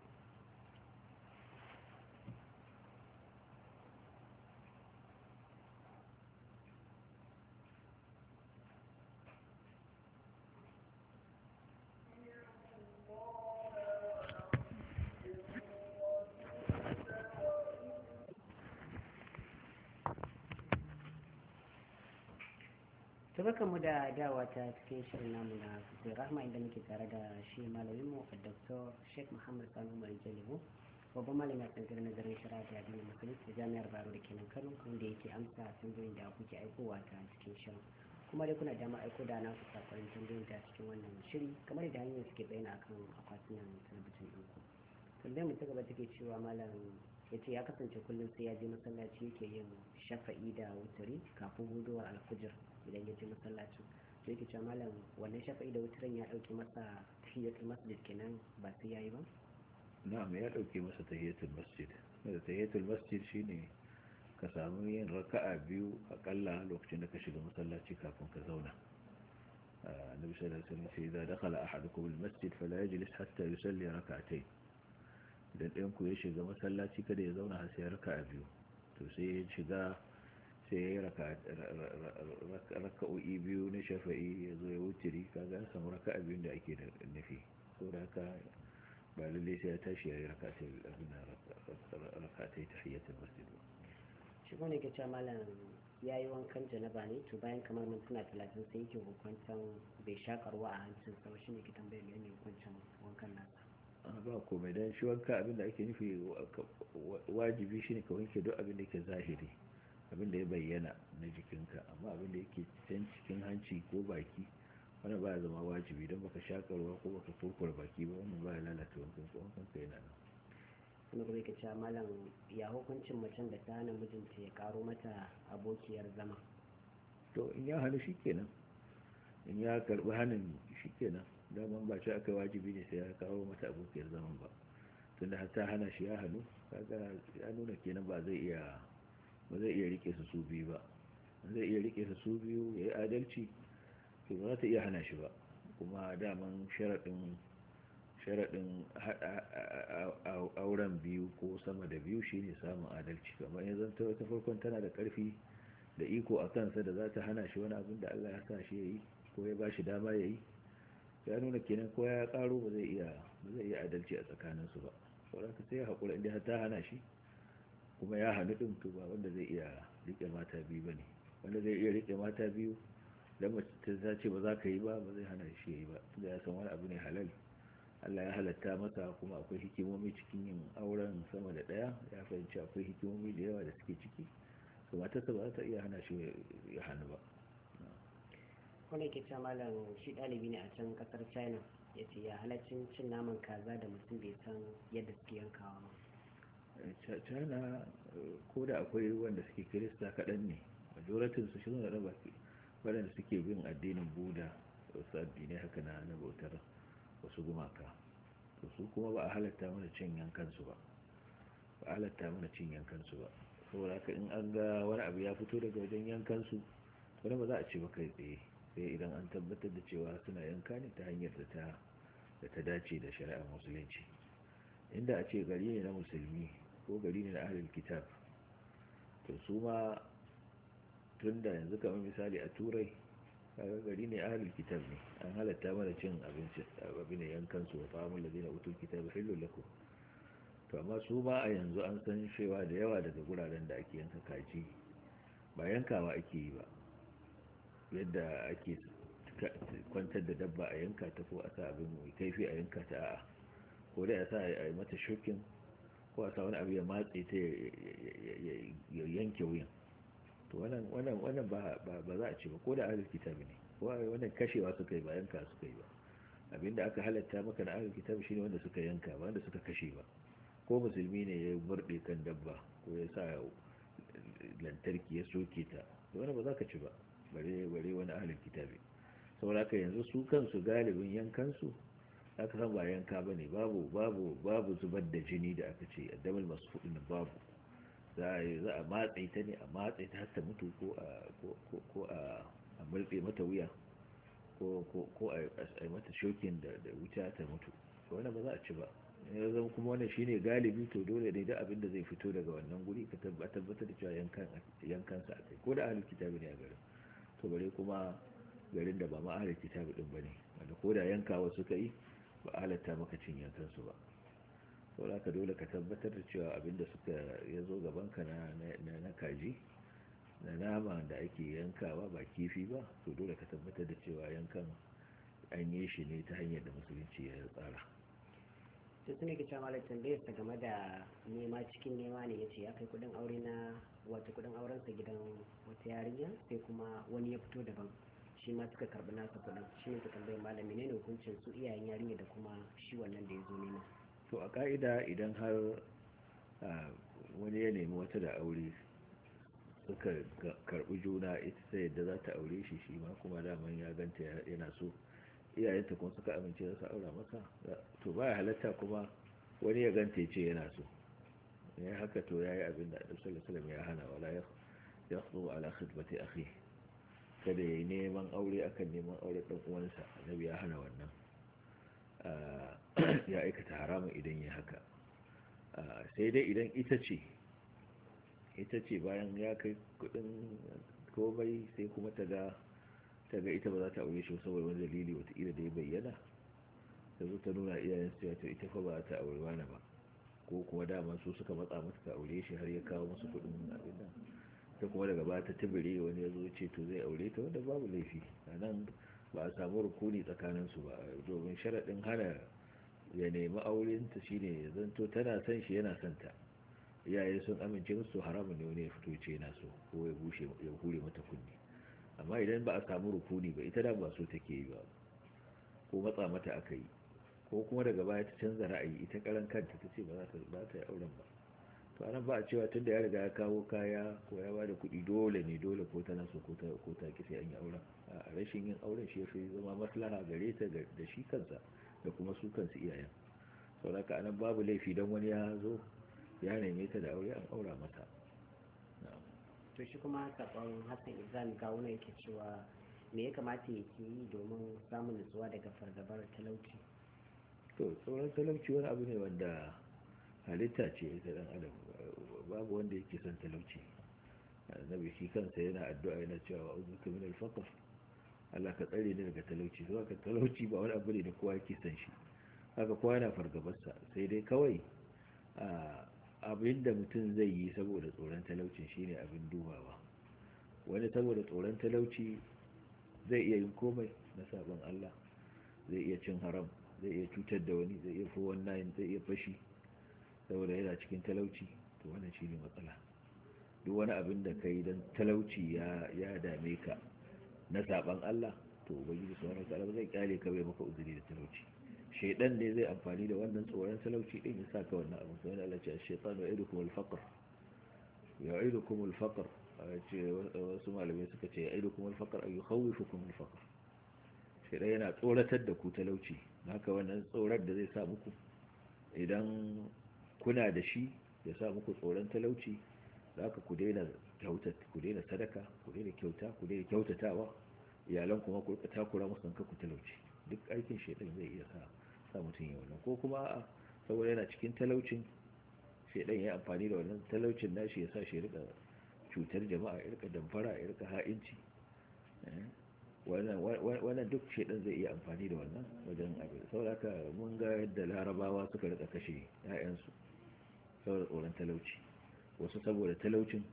mu da dawa ta cikin shirin namu na fitar rahama inda muke tare da shi mu a dr sheikh muhammad sanu mai jalibu babban malami a tsantsar nazarin shara da addinin musulunci jami'ar baro da kenan kano wanda yake amsa tambayoyin da kuke aikowa ta cikin shirin kuma dai kuna dama aiko da na kusa kwarin tambayoyin ta cikin wannan shiri kamar da hanyar suke bayyana akan nan talabijin ɗinku tambayar mu ta gaba take cewa malam ya ce ya kasance kullum sai ya je masallaci yake yin shafa'i da wutari kafin guduwar alfijir idan ya je masallacin sai ke cewa malam wannan shafa'i da wutaran ya dauke masa tahiyatul masjid kenan ba sai yayi ba na'am ya dauke masa tahiyatul masjid da tahiyatul masjid shine ka samu yin raka'a biyu akalla lokacin da ka shiga masallaci kafin ka zauna النبي صلى الله عليه a إذا dakala ahadukum almasjid fala yajlis hatta yusalli rak'atayn idan ɗayan ku ya shiga masallaci kada ya zauna har sai raka'a biyu to sai ya shiga sai ya yi raka'o'i biyu na shafa'i ya zo ya wuturi kaga an samu raka'a abin da ake nufi so da haka ba lalle sai ya tashi ya yi ta raka'atai ta masjid ba shi ko ne ka ce malam ya yi wankan janaba ne to bayan kamar mintuna talatin sai yake hukuncin bai shakarwa a hancin sama shi ne ke tambayar mai ne hukuncin wankan nasa ba komai don shi wanka abin da ake nufi wajibi shi ne ka wanke duk abin da ke zahiri abin da ya bayyana na jikinka amma abin da yake can cikin hanci ko baki wani ba ya zama wajibi don baka shakarwa ko baka kurkura baki ba wannan ba ya lalata wankan ko wankan ka yana nan wani kuma yake cewa malam ya hukuncin macen da ta hana mijinta ya karo mata abokiyar zama to in ya hana shi kenan in ya karbi hannun shi kenan daman ba shi aka wajibi ne sai ya kawo mata abokiyar zaman ba tunda ta hana shi ya hannu kaga ya nuna kenan ba zai iya ba zai iya rike su su biyu ba zai iya rike su su biyu ya yi adalci to ba za ta iya hana shi ba kuma daman sharaɗin sharaɗin auren biyu ko sama da biyu shine samun adalci kamar yanzu ta wata farkon tana da ƙarfi da iko a kansa da za ta hana shi wani abin da Allah ya sa shi ya yi ko ya ba shi dama ya yi ya nuna kenan ko ya karo ba zai iya adalci a tsakaninsu ba saboda ka sai haƙura inda ta hana shi kuma ya hannu ɗin to ba wanda zai iya riƙe mata biyu ba ne wanda zai iya riƙe mata biyu don mace ta ce ba za ka yi ba ba zai hana shi yi ba tunda ya san wani abu ne halal Allah ya halatta masa kuma akwai hikimomi cikin yin auren sama da ɗaya ya fahimci akwai hikimomi da yawa da suke ciki to ta ba za ta iya hana shi ya hannu ba kuma ke cewa malam shi ɗalibi ne a can kasar china ya ce ya halaccin cin naman kaza da mutum bai san yadda suke yankawa ba cana ko da akwai wanda suke kirista kaɗan ne doratin su shi suna da ke waɗanda suke bin addinin buda wasu addinai haka na na bautar wasu gumaka to su kuma ba a halatta mana cin yankansu ba ba a halatta mana cin yankansu ba saboda haka in an ga wani abu ya fito daga wajen yankansu wani ba za a ce ba tsaye sai idan an tabbatar da cewa suna yanka ne ta hanyar da ta da ta dace da shari'ar musulunci inda a ce gari ne na musulmi ko gari ne na ahlul kitab to su ma tunda yanzu kamar misali a turai kaga gari ne ahlul kitab ne an halatta mana cin abinci abin yankan su wa famul ladina utul kitab hillu lakum to amma su ma a yanzu an san cewa da yawa daga guraren da ake yanka kaji ba yankawa ake yi ba yadda ake kwantar da dabba a yanka ta ko a sa abin mai kaifi a yanka ta a'a ko dai a sa a yi mata shukin. ko a abu ya matse ta ya yanke wuyan to wannan ba za a ce ba ko da kita kitabi ne wannan kashewa suka yi ba yanka suka yi ba abinda aka halatta maka na ahlul kitabi shine wanda suka yanka ba wanda suka kashe ba ko musulmi ne ya murɗe kan dabba ko ya sa lantarki ya soke ta to wani ba za ka ci ba bare wani ahlul kitabi saboda haka yanzu su kansu galibin yankansu aka san ba yanka ba ne babu babu babu zubar da jini da aka ce addamul hudu na babu za a matse ta ne a matse ta har mutu ko a ko mata wuya ko a yi mata shokin da wuta ta mutu to wani ba za a ci ba ya zama kuma wannan shine galibi to dole ne da abin da zai fito daga wannan guri ka tabbatar da cewa yankan sa kai ko da ahlul kitabi ne a garin to bare kuma garin da ba ma ahlul kitabi din ne wanda ko da yanka wasu ka yi. ba halatta maka cin yankansu ba da ka dole ka tabbatar da cewa abinda suka ya zo gabanka na kaji na nama da ake yankawa ba kifi ba to dole ka tabbatar da cewa yankan an yi shi ne ta hanyar da musulunci ya tsara sai sun yake cewa malam tambayar game da nema cikin nema ne ya ce ya kai kudin aure na wata kudin auren gidan wata yarinya sai kuma wani ya fito daban shi ma suka karbi nasa kudin shi ne suka bai malami ne hukuncin su iyayen yarinya da kuma shi wannan da ya zo nema to a ka'ida idan har wani ya nemi wata da aure suka karbi juna ita sai yadda za ta aure shi shi ma kuma daman ya ganta yana so iyayenta kuma suka amince za su aura masa to baya halatta kuma wani ya ganta ya ce yana so ya haka to ya yi abin da ya hana wala ya yakhdu ala khidmati akhi kada ya yi neman aure akan neman aure ɗan uwansa annabi ya hana wannan ah, ya aikata haramun idan ya haka ah, sai dai idan ita ce ita ce bayan ya kai kudin komai sai kuma ta ga ita ba za ta aure shi saboda wani dalili wata wataƙila da ya bayyana ta zo ta nuna iyayen ya ce ita fa ba ta aure wani ba ko kuma dama su suka matsa mata ta aure shi har ya kawo masu kudin abin ta kuma daga ba ta tibiri wani ya zo ce to zai aure ta wanda babu laifi a nan ba a samu rukuni tsakaninsu ba domin sharaɗin hana ya nemi aurenta shine ya zanto tana son shi yana son ta iyaye sun amince musu haramun ne wani ya fito ce na so ko ya bushe ya hure mata kunni amma idan ba a samu rukuni ba ita da ba so take yi ba ko matsa mata aka yi ko kuma daga baya ta canza ra'ayi ita karan kanta ta ce ba za ta auren ba to anan ba a cewa tun da ya riga ya kawo kaya ko ya ba da kuɗi dole ne dole ko tana so ko ta kisa sai an yi auren a rashin yin auren shi fi zama maslaha gare ta da shi kansa da kuma su kansu iyayen sauraka anan babu laifi don wani ya zo ya neme ta da aure an aura mata to shi kuma sabon hassan izan gawuna yake cewa me ya kamata ya ke yi domin samun nutsuwa daga fargabar talauci to sauran talauci wani abu ne wanda halitta ce ita dan adam babu wanda yake son talauci annabi shi kansa yana addu'a yana cewa uzuka min al-faqr Allah ka tsare ni daga talauci zuwa ka talauci ba wani abu ne da kowa yake son shi haka kowa yana fargabarsa sai dai kawai abinda mutum zai yi saboda tsoron talaucin shine abin dubawa wani saboda tsoron talauci zai iya yin komai na sabon Allah zai iya cin haram zai iya cutar da wani zai iya 419 zai iya fashi saboda yana cikin talauci to wannan shine matsala duk wani abin da kai dan talauci ya ya dame ka na saban Allah to ubangiji yi wataala ba zai kyale ka bai maka uzuri da talauci shaidan ne zai amfani da wannan tsoron talauci din ya sa ka wannan abin sai Allah ya ce shaytanu ya'idukum al-faqr ya'idukum al-faqr wasu malamai suka ce ya'idukum al-faqr ay yukhawifukum al-faqr shaidan yana tsoratar da ku talauci haka wannan tsorar da zai sa muku idan kuna da shi ya sa muku tsoron talauci za ka ku daina sadaka ku daina kyauta ku daina kyautatawa iyalan kuma ku rika takura musu ka ku talauci duk aikin shaidan zai iya sa sa mutum ya wannan ko kuma a saboda yana cikin talaucin shaidan ya amfani da wannan talaucin nashi ya sa shi rika cutar jama'a ya rika damfara ya rika ha'inci eh? wannan duk shaidan zai iya amfani da wannan wajen abin saboda ka mun ga yadda larabawa suka rika kashe 'ya'yansu saboda tsoron talauci wasu saboda talaucin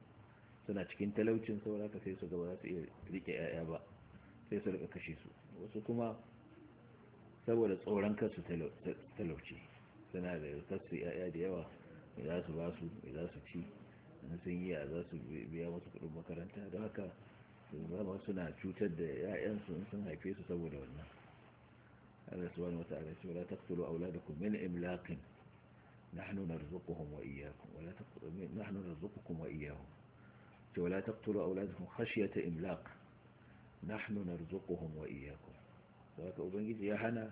suna cikin talaucin saboda ka sai su gaba za su iya rike 'ya'ya ba sai su rika kashe su wasu kuma saboda tsoron kansu talauci suna da kasu 'ya'ya da yawa mai za su ba su za su ci in sun yi a za su biya masu kudin makaranta da haka zama suna cutar da 'ya'yansu in sun haife su saboda wannan Allah subhanahu wa wata ya a wula da kuma min imlakin. nahnu narzuquhum wa iyyakum wala taqtulu nahnu narzuqukum wa iyyahum ce wala taqtulu awladakum khashyata imlaq nahnu narzuquhum wa iyyakum saboda ubangiji ya hana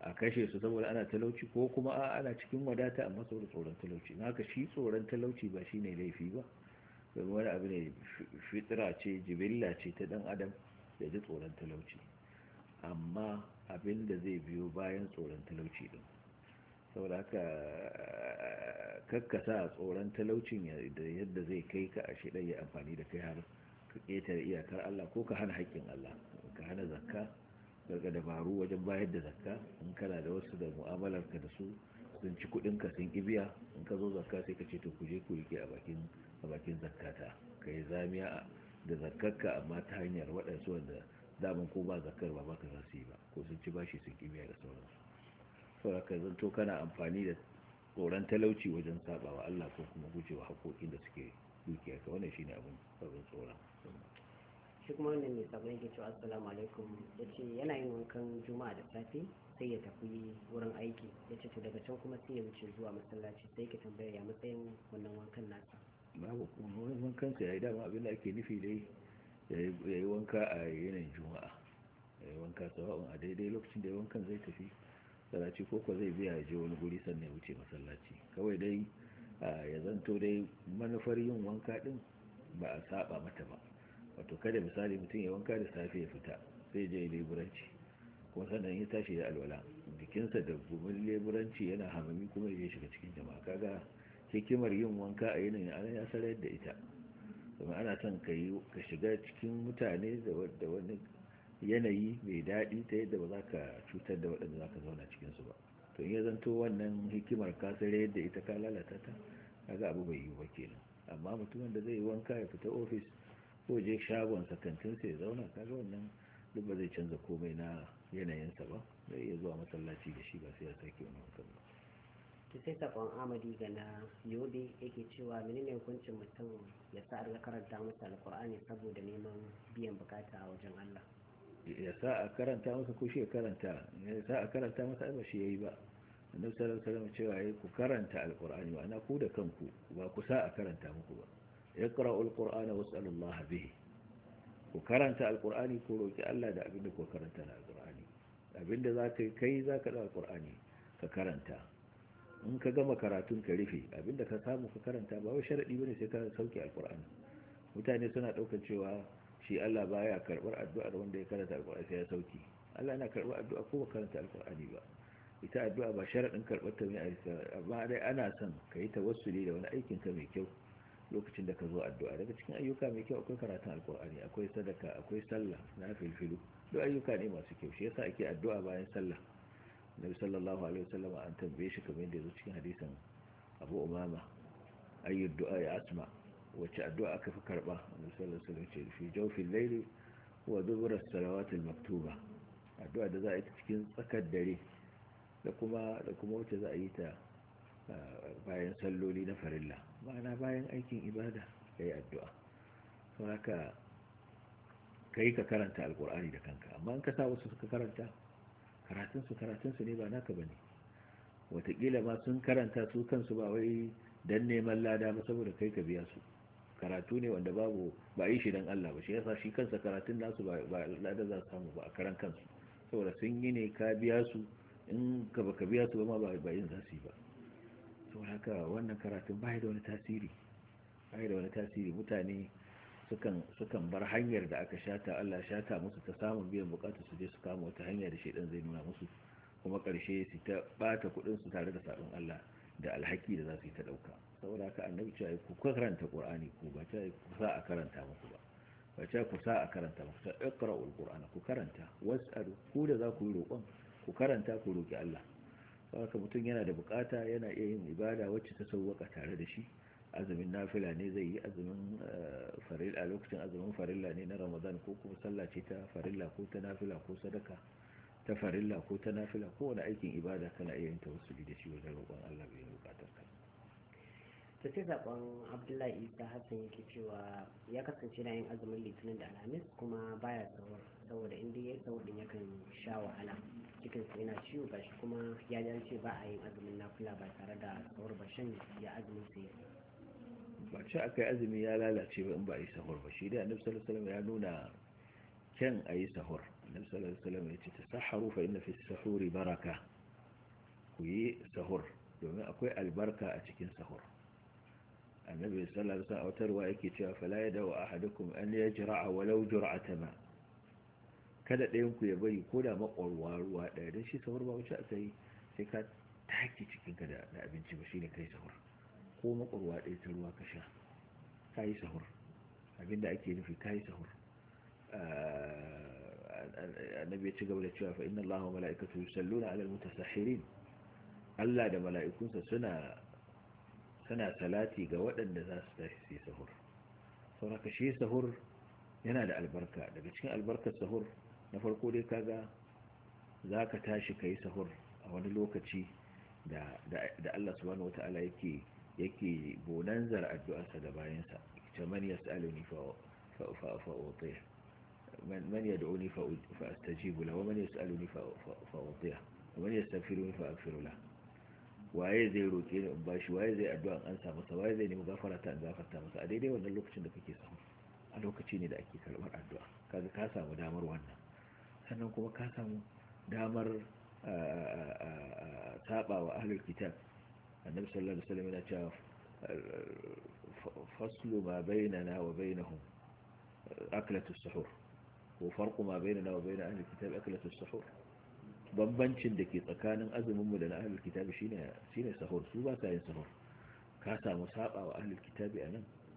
a kashe su saboda ana talauci ko kuma a ana cikin wadata amma saboda tsoron talauci na haka shi tsoron talauci ba shi ne laifi ba domin wani abu ne fitira ce jibilla ce ta dan adam da ji tsoron talauci amma abin da zai biyo bayan tsoron talauci din saboda haka kakkasa a tsoron talaucin da yadda zai kai ka a shaidan ya amfani da kai har ka ƙetare iyakar Allah ko ka hana haƙƙin Allah ka hana zakka daga dabaru wajen bayar da zakka in kana da wasu da mu'amalar ka da su sun ci kuɗin ka sun ibiya in ka zo zakka sai ka ce to ku je ku rike a bakin a bakin zakkata ka yi zamiya da zakkarka amma ta hanyar waɗansu wanda daman ko ba zakkar ba ba ka za su yi ba ko sun ci bashi sun ibiya da sauransu sauraka zanto kana amfani da tsoron talauci wajen saba wa Allah ko kuma gujewa haƙoƙin da suke dukiya ka wannan shine abin abin tsoron shi kuma wannan mai sabon yake cewa assalamu alaikum ya ce yana yin wankan juma'a da safe sai ya tafi wurin aiki ya to daga can kuma sai ya wuce zuwa masallaci sai ka tambaya ya matsayin wannan wankan nasa babu kuma wani wankan ya yayi dama abin da ake nufi dai yayi wanka a yanayin juma'a yayi wanka sawa'un a daidai lokacin da wankan zai tafi masallaci ko ko zai biya ya je wani guri sannan ya wuce masallaci kawai dai ya zanto dai manufar yin wanka din ba a saba mata ba wato kada misali mutum ya wanka da safe ya fita sai je leburanci kuma sannan ya tashi da alwala jikinsa da gumin leburanci yana hamami kuma ya shiga cikin jama'a kaga hikimar yin wanka a yanayin ana ya sarar da ita kuma ana son ka shiga cikin mutane da wani yanayi mai daɗi ta yadda ba za ka cutar da waɗanda za ka zauna cikinsu ba to in ya zanto wannan hikimar kasar yadda ita ka lalata ta kaga abu bai yi ba kenan amma mutumin da zai yi wanka ya fita ofis ko je shagon kantinsa sai zauna kaga wannan duk ba zai canza komai na yanayinsa ba zai iya zuwa masallaci da shi ba sai ya sake wani wankan ba ta sai sakon amadi ga na yobe yake cewa ne hukuncin mutum ya sa karanta masa alkur'ani saboda neman biyan bukata a wajen allah ya sa a karanta masa ko shi ya karanta ya sa a karanta masa ba shi ya yi ba annabi sallallahu alaihi wasallam cewa ku karanta alqur'ani ma'ana ku da kanku ba ku sa a karanta muku ba iqra'ul qur'ana was'alullaha bihi ku karanta alqur'ani ku roki Allah da abin da ku karanta na alqur'ani abin da zaka kai zaka da alqur'ani ka karanta in ka gama karatun ka rufe abin da ka samu ka karanta ba wai sharadi bane sai ka sauke alqur'ani mutane suna daukan cewa shi Allah baya karbar addu'ar wanda ya karanta alqur'ani sai ya sauki Allah na karbar addu'a ko ba karanta alqur'ani ba ita addu'a ba sharaɗin karbar ta ne ba dai ana son ta tawassuli da wani aikin ka mai kyau lokacin da ka zo addu'a daga cikin ayyuka mai kyau akwai karatun alqur'ani akwai sadaka akwai sallah na filfilu duk ayyuka ne masu kyau shi yasa ake addu'a bayan sallah nabi sallallahu alaihi wasallam an tambaye shi kamar yadda ya zo cikin hadisin abu umama ayyud du'a ya asma' wacce addu'a aka fi karba annabi sallallahu alaihi wasallam ce fi jawfil layli wa dubura salawat maktuba addu'a da za a yi ta cikin tsakar dare da kuma da kuma wacce za a yi ta bayan salloli na farilla ma'ana bayan aikin ibada kai addu'a to haka kai ka karanta alkur'ani da kanka amma in ka sa wasu suka karanta karatunsu karatunsu ne ba naka bane watakila ma sun karanta su kansu ba wai dan neman lada ba saboda kai ka biya su karatu ne wanda babu ba yi shi don Allah ba shi yasa shi kansa karatun nasu ba al'ada za samu ba a karan kansu saboda sun yi ne ka biya su in ka baka biya su ba ma ba yin za yi ba saboda haka wannan karatun ba da wani tasiri ba da wani tasiri mutane sukan sukan bar hanyar da aka shata Allah shata musu ta samun biyan bukatu su je su kama wata hanya da shaidan zai nuna musu kuma karshe su ta bata kudin su tare da sabon Allah da alhaki da za su yi ta ɗauka saboda ka annabi cewa ku karanta qur'ani ku ba ta ku sa a karanta muku ba ba ta ku sa a karanta muku ta ku karanta was'alu ku da za ku yi roƙon ku karanta ku roki Allah saboda mutum yana da bukata yana iya yin ibada wacce ta sauwaka tare da shi azumin nafila ne zai yi azumin eh, farilla lokacin azumin farilla ne na ramadan ko kuma sallah ce ta farilla ko ta nafila ko sadaka ta farilla ko ta nafila ko wani aikin ibada kana iya yin wasu da shi wajen roƙon Allah bai buƙatar ka ta ce zaɓen abdullahi isa hassan yake cewa ya kasance na yin azumin litinin da alhamis kuma baya tsawar saboda inda ya tsawar din yakan sha wahala cikin sa yana ciwo shi kuma ya jance ba a yin azumin nafila ba tare da tsawar ba shan ya azumin sai ba ce aka yi azumi ya lalace ba in ba a yi sahur ba shi da annabi sallallahu alaihi ya nuna kyan a yi sahur النبي صلى الله عليه wasallam ya ce tasaharu fa inna fi sahuri baraka ku yi sahur domin akwai albarka a cikin sahur annabi sallallahu alaihi wasallam a watarwa yake cewa fala yadaw ahadukum an yajra'a walau jur'atan ma kada ɗayan ku ya bari ko da makwarwa ruwa ɗaya don shi sahur ba wuce aka yi sai ka taki cikin ka da abinci ba shine kai sahur ko makwarwa ɗaya ta ruwa ka sha ka yi sahur abinda ake nufi ka yi sahur annabi ya ci gaba da cewa fa inna allaha wa mala'ikatahu yusalluna 'alal mutasahhirin Allah da mala'ikunsa suna suna salati ga waɗanda za su tashi su sahur. sahur na shi sahur yana da albarka daga cikin albarkar sahur na farko dai kaga za ka tashi ka sahur a wani lokaci da Allah subhanahu wataala ta'ala yake yake bonanzar addu'arsa da bayansa ita yas'aluni fa fa fa من يدعوني فأستجيب له ومن يسألني فأعطيه ومن يستغفرني فأغفر له waye zai roke ni in bashi waye zai addu'a an sa masa waye zai nemi gafara ta an gafarta masa a daidai wannan lokacin da kake samu a lokaci ne da ake karbar addu'a kaga ka samu damar wannan sannan kuma ka samu damar saba wa ahlul kitab annabi sallallahu alaihi wasallam yana cewa faslu ma bainana wa bainahum aklatu suhur ko farko ma bai na bai na ahlul kitab aklatus sahur bambancin da ke tsakanin azumin mu da na ahlul kitab shine sahur su ba sa yin sahur ka samu saba wa anan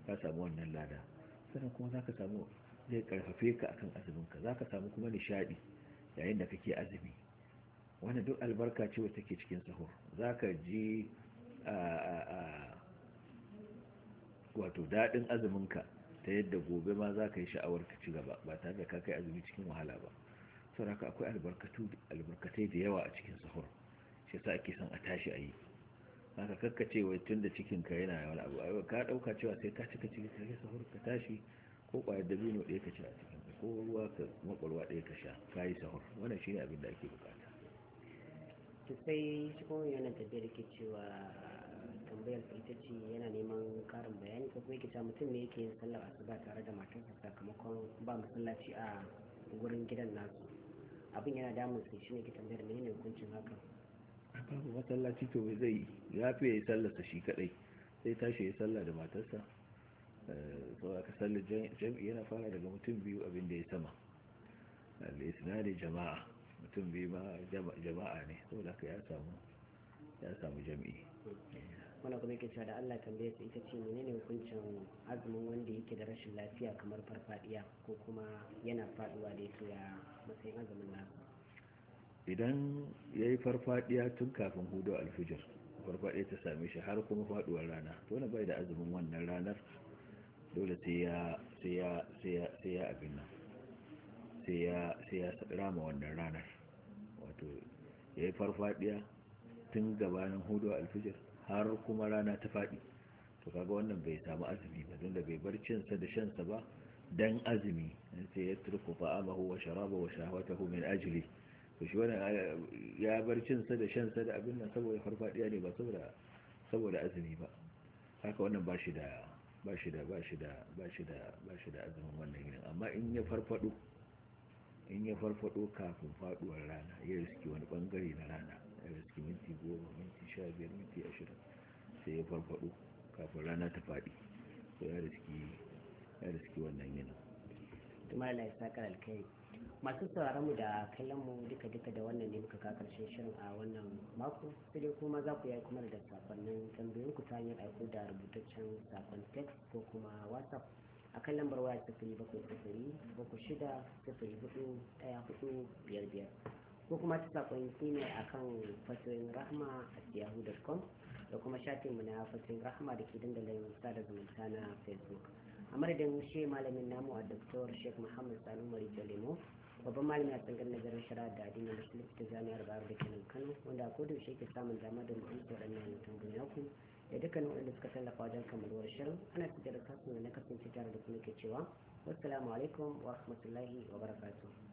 ka samu wannan lada sannan kuma zaka samu zai karfafe ka akan azumin ka zaka samu kuma nishadi yayin da kake azumi wannan duk albarka ce wacce take cikin sahur zaka je a wato daɗin azuminka ta yadda gobe ma za ka yi sha'awar ka ci gaba ba tare da ka kai azumi cikin wahala ba sau haka akwai albarkatai da yawa a cikin sahur shi sa ake son a tashi a yi haka ce wai tun da cikinka yana wani abu a ka ɗauka cewa sai ka cika cikin ka sahur ka tashi ko ƙwayar dabino ɗaya ka ci a cikin ko ruwa ka makwarwa ɗaya ka sha ka yi sahur wannan shi ne abin da ake bukata. sai cikin yana tafiya da ke cewa tambayar ita ce yana neman karin bayani ko kuma yake mutum ne yake yin sallar asuba tare da matarsa sakamakon ba masallaci a gurin gidan nasu abin yana damun shi shine ke tambayar ne hukuncin hakan babu masallaci to zai ya fi ya sallarsa shi kadai sai tashi ya sallar da matarsa eh, sau aka sallar jam'i yana fara daga mutum biyu abin da ya sama al-isnadi eh, jama'a mutum biyu ma jama'a ne saboda ka ya samu ya samu jami'i. Hmm. wanda kuma yake cewa da Allah tambaye su ita ce menene hukuncin azumin wanda yake da rashin lafiya kamar farfadiya ko kuma yana faduwa da yake ya matsayin azumin nasa idan ya yi farfadiya tun kafin hudu alfijir farfadiya ta same shi har kuma faduwar rana to na bai da azumin wannan ranar dole sai ya sai ya sai ya abin nan sai ya sai ya rama wannan ranar wato ya yi farfadiya tun gabanin hudu alfijir har kuma rana ta faɗi to kaga wannan bai samu azumi ba tunda bai bar cinsa da shansa ba dan azumi sai ya turku fa'amahu wa sharaba wa shahwatahu min ajli to shi wannan ya bar cinsa da shansa da abin nan saboda farfadiya ne ba saboda saboda azumi ba haka wannan ba shi da ba shi da ba shi da ba shi da ba shi da azumin wannan ginin amma in ya farfado in ya farfado kafin faduwar rana ya riski wani bangare na rana ya riski minti goma minti sha biyar minti ashirin sai ya farfado kafin rana ta faɗi ko ya riski wannan yana da ya sakar alkai masu sauraron mu da kallon mu duka duka da wannan ne muka kakar shirin a wannan mako sai dai kuma za ku yi kuma da sakonnin tambayoyin ku ta hanyar aiko da rubutaccen sakon text ko kuma whatsapp a kan lambar waya sifiri bakwai sifiri bakwai shida sifiri hudu daya hudu biyar biyar ko kuma ta sakon a kan fasirin rahma a yahoo.com da kuma shafinmu na fasirin rahma da ke dandalin sada zumunta na facebook a madadin shi malamin namu a doktor sheikh muhammad sanu mari jalemo babban malami a tsangar nazarin shari'a da addinin musulunci ta jami'ar bayar da kenan kano wanda a koda yaushe ke samun dama da mu'amsa waɗannan tambayoyin ku da dukkanin waɗanda suka tallafa wajen kammaluwar shirin ana fitar da kasuwa na kasance tare da kuma ke cewa wassalamu alaikum wa rahmatullahi wa barakatuh